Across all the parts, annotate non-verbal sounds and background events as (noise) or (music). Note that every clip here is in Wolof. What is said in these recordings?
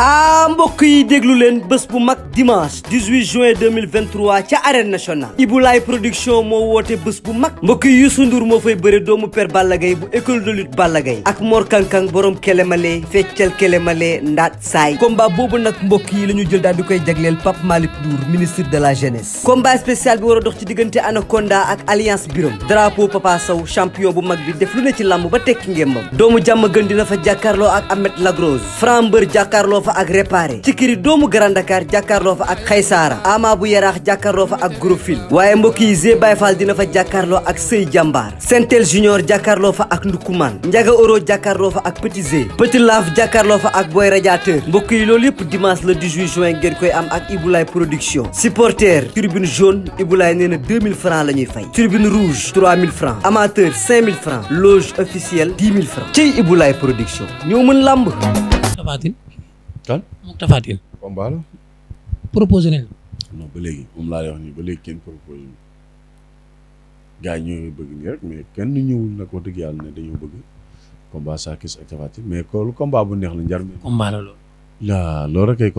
ah mbokk yi déglu leen bés bu mag dimanche 18 juin 2023 ca arène nationale Ibulaay production moo woote bés bu mag mbokk yi Youssou Ndour moo fay bëre doomu père Balla bu école de lutte Balla Gaye ak Mor Kankang borom kelemale feccal kelemale ndaat saay combat boobu nag mbokk yi la ñu jël daal di koy jagleel Pape Malick Ndour de la jeunesse combat spécial bi war a dox ci diggante Anaconda ak alliance Birom drapeau Papa Sow champion bu mag bi def lu ne ci làmb ba tekki ngémbam doomu jàmm gën dina fa jàkkaarloo ak Ahmed Lagrose Fran Mbër jàkkaarloo fa ak réparé Cikiri doomu Grand Dakar jàkkaarloo fa ak Xaysaara Ama bu Yaraax jàkkaarloo fa ak Gros waaye mbokk yi Zé dina fa jàkkaarloo ak Sëy Jàmbaar Sentel Junior jàkkaarloo fa ak Ndukuman Njaga Oro jàkkaarloo fa ak Petit Zé Petit Laaf jàkkaarloo fa ak Boy Radiateur mbokk yi loolu yëpp dimanche le 18 juin ngeen koy am ak Iboulaye Production supporter tribune jaune Iboulaye nee na 2000 francs la ñuy fay tribune rouge 3000 francs amateur 5000 francs loge officielle 10 000 francs ci Iboulaye Production ñoo mën lamb kan moom Tapha Tine. combat la. proposé nañ. non ba léegi moom laa lay nii ba léegi kenn proposé ñu gars ñoo bëgg nii rek mais kenn ñëwul nag wax dëgg yàlla ne dañoo bëgg combat Sa Thiès ak Tapha Tine mais loolu combat bu neex la njar mi. combat loolu. laa loolu rek ah,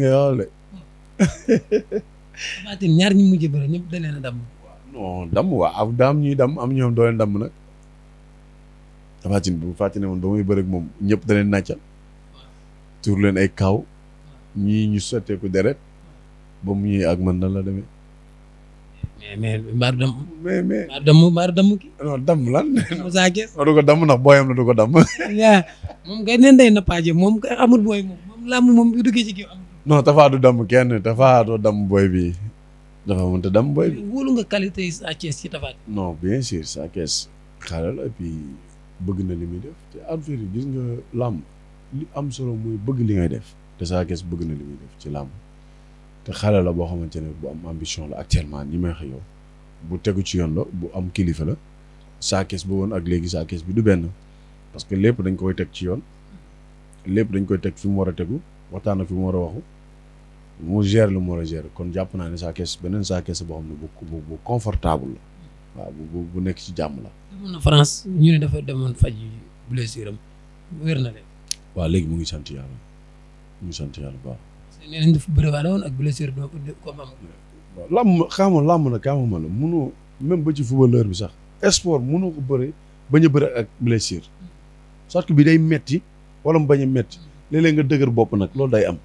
nga yow de. Tapha ñaar ñu mujj bëre ñëpp dañ a damm. non damm waa am daam ñuy damm am ñoom doo leen damm nag. Tapha Tine bu fàttali woon ba muy bëreeg moom ñëpp da leen nàccal tuur leen ay kaaw ñii ñu sotteeku deret ba mu ñëwee ak man nan la demee. mais mais Mbaar Damm. mais mais Mbaar Damm Mbaar Damm kii. du damm ndax booyam la du ko damm. waaw moom kay nee moom kay amul booy moom moom làmm moom bu duggee ci kii booy bi dafa mënut a damm booy bi. wóolu nga qualité yi Sa Thiès ci Tapha. non bien sûr Sa Thiès xaaral bëgg na li muy def te en fait gis nga làmb li am solo mooy bëgg li ngay def te Sa bëgg na li muy def ci làmb te xale la boo xamante ne bu am ambition la actuellement ni may xëyoo bu tegu ci yoon la bu am kilifa la Sa Thiès ba woon ak léegi Sa bi du benn parce que lépp dañ koy teg ci yoon lépp dañ koy teg fi mu war a tegu waxtaan fi mu war a waxu mu ger lu mu war a gère kon jàpp naa ne Sa beneen Sa Thiès boo xam ne bu bu confortable la waaw bu bu nekk ci jàmm la. demoon ñu ne dafa demoon faj blessure am wér na de. waaw léegi mu ngi sant yàlla mu ngi sant yàlla bu baax. nee nañ dafa bëri woon ak blessure bi ko am. waaw làmm xaama na munoo même ba ci footballeur bi sax sport munoo ko bëri bañ a bëri ak blessure sorte bi day metti wala mu bañ metti léeg nga dëgër bopp nag loolu day am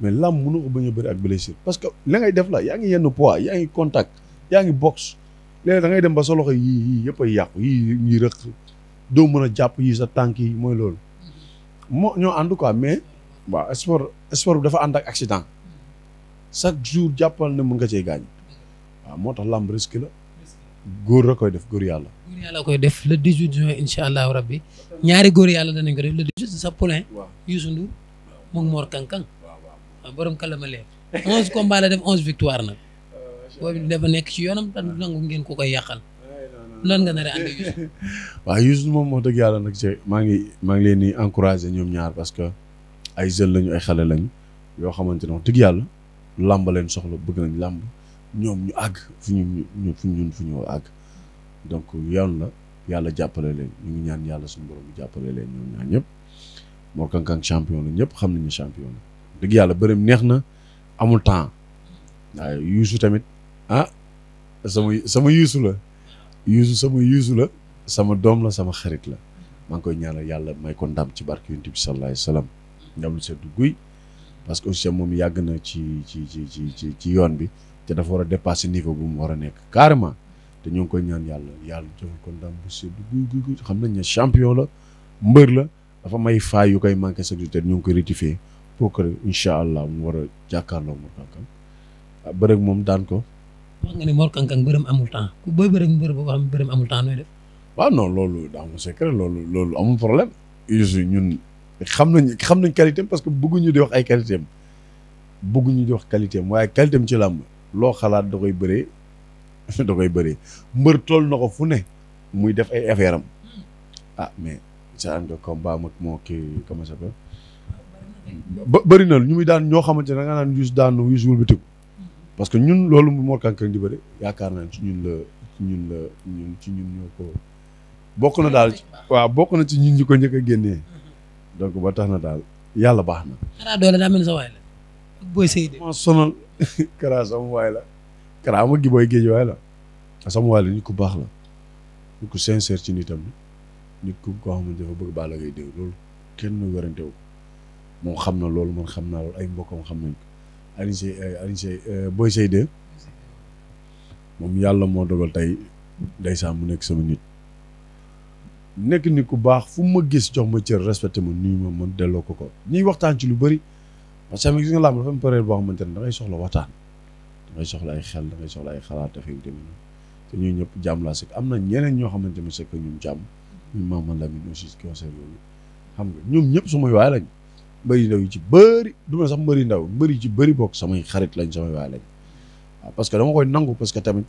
mais làmm munoo ko bañ bëri ak blessure parce que la ngay def la yaa ngi yenn poids yaa ngi contact yaa ngi boxe léeg-léeg dem ba sa loxo yii yii yëpp ay yàqu yii ñuy rëq doo mën a jàpp yii sa tànk yi mooy loolu moo ñoo ànd quoi mais waaw sport sport bi dafa ànd ak accident chaque jour jàppal ne mun nga cee gaañ waaw moo tax làmb risque la góor la koy def góor yàlla. góor yàlla koy def le 18 juin incha allahu rabbi ñaari góor yàlla danañ ko def le 18 sa poulain. waaw Youssou Ndour mu ngi Mor Kankang. waaw waaw ah, borom kàlla ma la def 11 victoire nag. boobu dafa nekk ci yoonam tan nangu ngeen ko koy yàqal lan nga nar a ànd Youssou (laughs) waaw moom moo dëgg yàlla nag ci maa ngi maa ngi leen di encourager ñoom ñaar parce que ay jeunes lañu ay xale lañu yoo xamante ne wax dëgg yàlla làmb leen soxla bëgg nañ làmb ñoom ñu àgg fu ñu fu ñu fu donc yoon la yàlla jàppale leen ñu ngi ñaan yàlla suñu borom jàppale leen ñoom ñaar ñëpp moo Kang Kang champion la ñëpp xam nañu champion la dëgg yàlla bëreem neex na amul temps waaye Youssou tamit ah sama sama yuusu la yuusu sama yuusu la sama doom la sama xarit la maa ngi koy ñaanal yàlla may ko ndam ci barke yonent bi sallallahu alayhi wa sallam ndam lu guy parce que aussi moom yàgg na ci ci ci ci ci yoon bi te dafa war a dépasser niveau bu mu war a nekk carrément te ñoo ngi koy ñaan yàlla yàlla joxal ko ndam bu seddu guy guy guy xam nañ ne champion la mbër la dafa may faay yu koy manqué sécurité ñu ñoo koy rectifier pour que incha allah mu war a jàkkaarloo mu kànkam ah, moom daan ko. wax nga ne Mor bërëm amul temps ku booy bërëm boo xam bërëm amul temps nooy def waaw non loolu daa amul secret loolu loolu amul problème usu ñun xam nañ xam nañ qualité am parce que bëgguñu di wax ay qualité am bëgguñu di wax qualité am waaye qualité ci làmb loo xalaat da koy bëree (laughs) da koy bëree mbër toll na ko fu ne muy def ay affaire am ah mais saan nga combat mag moo kii comment ça s'appelle ba bëri na ñu muy daan ñoo xamante ne da nga naan yus wul bi tiku parce que ñun loolu Mor Kankang di bëri yaakaar naa ci ñun la ci ñun la ñun ci ñun ñoo ko bokk na daal waaw bokk na ci ñun ñi ko njëkk a génnee donc ba tax na daal yàlla baax na. Kara Dollé daa mel ni la. Boy Seydi (laughs) ma sonal Kara booy géej waay la sama waay la nit ku baax la nit ku sincère ci nitam nit ku koo xamante dafa bëgg Balla Gaye dégg loolu kenn werante wu moom xam na loolu man xam naa loolu ay mbokkam xam nañ ko Alioune euh, Alioune euh, Boy Seye 2 moom yàlla moo dogal tey ndeysaan mu nekk sama nit nekk nit ku baax fu ma gis jox ma cër respecté ma nuyu ma man delloo ko ko ñuy waxtaan ci lu bari parce que gis nga làmb dafa boo xamante ne da soxla waxtaan da ngay soxla ay xel da ngay soxla ay xalaat dafay demee te ñoo ñëpp jàmm laa sekk am na ñeneen ñoo xamante ne sekk ñoom jàmm ñu maam xam nga ñoom ñëpp sumay waay lañ mbëri ndaw yu ci bëri du ma sax mbëri ndaw mbëri ci bëri bokk samay xarit lañ samay waay lañ parce que dama koy nangu parce que tamit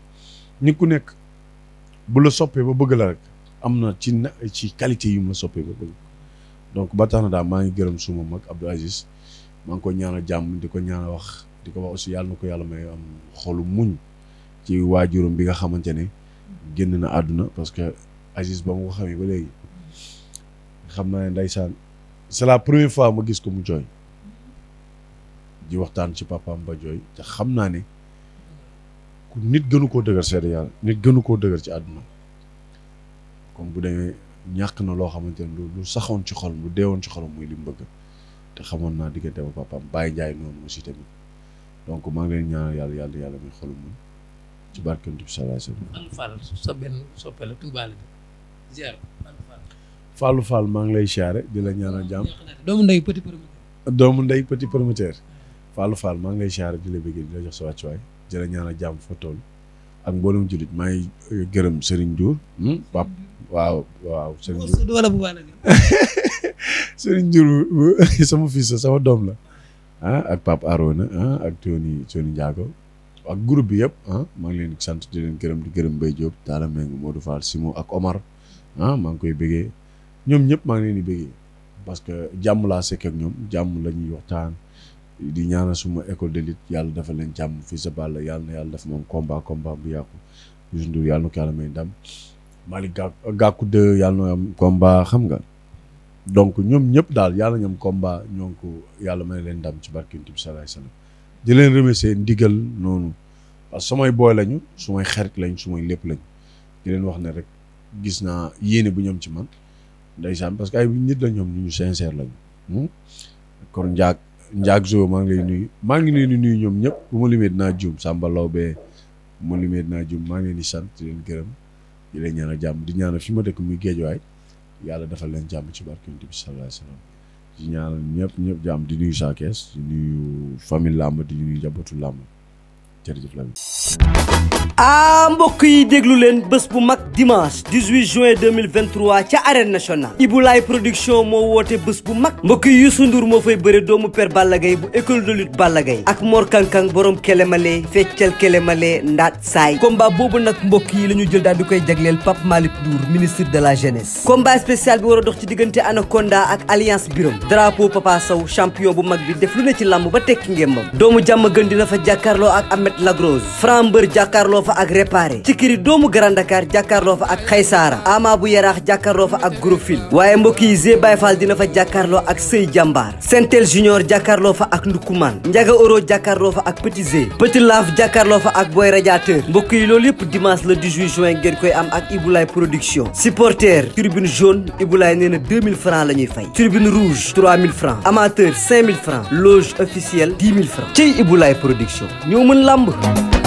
nit ku nekk bu la soppee ba bëgg la rek am na ci ci qualité yu ma soppee ba bëgg donc ba tax na daal maa ngi gërëm suma mag Abdou Aziz maa ngi ko ñaanal jàmm di ko ñaanal wax di ko wax aussi yàlla na ko yàlla may am xolu muñ ci waajuram bi nga xamante ne génn na àdduna parce que Aziz ba mu ko xamee ba léegi xam naa ne ndeysaan c'est la première fois ma gis ko mu jooy di waxtaan ci papaam ba jooy te xam naa ne ku nit gënu koo dëgër seede yàlla nit gënu koo dëgër ci àdduna comme bu demee ñàkk na loo xamante ne lu saxoon ci xol lu deewoon ci xolam muy li mu bëgg te xamoon naa diggante ba papaam Baye Ndiaye noonu aussi tamit donc maa ngi leen ñaanal yàlla yàlla yàlla may xolu ci barke Yonent bi sallallahu alayhi Fallou Fall maa ngi lay siyaare di la ñaanal jàmm. doomu ndey petit promoteur. doomu ndey petit maa ngi lay siyaare di la bëggee di la jox sa wàccuwaay di la ñaanal jàmm tool ak mboolem jullit maa ngi euh, gërëm Serigne Diour. Hmm, Pape waaw waaw. Serigne (laughs) (laughs) sama fils sama doom la. Ah, ak Pape Arona ah ak Tony Tony Ndiago ak groupe bi yëpp ah maa ngi leen di sant di leen gërëm di gërëm Mbaye Diop Talla Meng Modou Fall Simon ak Omar ah, maa ngi koy bëggee. ñoom ñëpp maa ngi parce que jàmm laa sekk jàmm la ñuy waxtaan di ñaanal suma école de lutte yàlla dafa leen jàmm fii sa bàll yàlla na yàlla def moom combat combat bu yàqu may ndam Malick Gakou 2 yàlla na xam nga donc ñoom ñëpp daal yàlla ñoom combat ñoo ko yàlla ne leen ndam ci barke Yonent bi salaay salaam di leen remercier ndigal noonu parce que samay booy lañu sumay xarit lañ sumay lépp lañ di leen wax ne rek gis naa yéene bu ñoom ci man ndeysaan parce que ay nit la ñoom ñu sincère lañu. Hmm? kon njaag njaag zoo maa ngi lay nuyu maa ngi leen di nuyu ñoom ñëpp bu ma limee dinaa juum Samba bee bu ma limee dinaa juum maa ngi leen di sant leen gërëm di leen ñaanal jàmm di ñaanal fi ma dëkk muy géejuwaay yàlla defal leen jàmm ci barke Yonent bi sallallahu alayhi wa sallam di ñaanal ñëpp ñëpp jàmm di nuyu Sa di nuyu famille làmb di nuyu njabootu làmb jërëjëf ah, mbokk yi déglu leen bés bu mag dimanche 18 juin 2023 ca arène nationale. Ibulaay production moo woote bés bu mag. mbokk yi Youssou Ndour moo fay bëre doomu père Balla Gaye bu école de lutte Balla Gaye ak Mor Kankang borom Kélémalé feccal Kélémalé ndaat saay. combat boobu nag mbokk yi la ñu jël daal di koy jagleel Pape Malick ministre de la jeunesse. combat spécial dox ci diggante Anaconda ak alliance Birom drapeau Papa Sow champion bu mag bi def lu ne ci làmb ba tekki ngémbam doomu jàmm gën dina fa jàkkaarloo ak Ahmed Lac Rose Franc Mbeur jàkkaarloo fa ak Réparé Cikiri doomu Grand Dakar jàkkaarloo fa ak Xaysara Ama bu Yaraax jàkkaarloo fa ak Grofil waaye mbokk yi Zé Baye dina fa jàkkaarloo ak Sey Jàmbaar Sentel Junior jàkkaarloo fa ak Ndukuman Njaga Oro jàkkaarloo fa ak Petit Zé Petit Laaf jàkkaarloo fa ak Boy Radiateur mbokk yi loolu yëpp dimanche le 18 juin ngeen koy am ak Iboulaye Production supporter tribune jaune Iboulaye nee na 2000 francs la ñuy fay tribune rouge 3000 francs amateur 5000 francs loge officielle 10 000 francs ci Iboulaye Production ñoo mën la yomb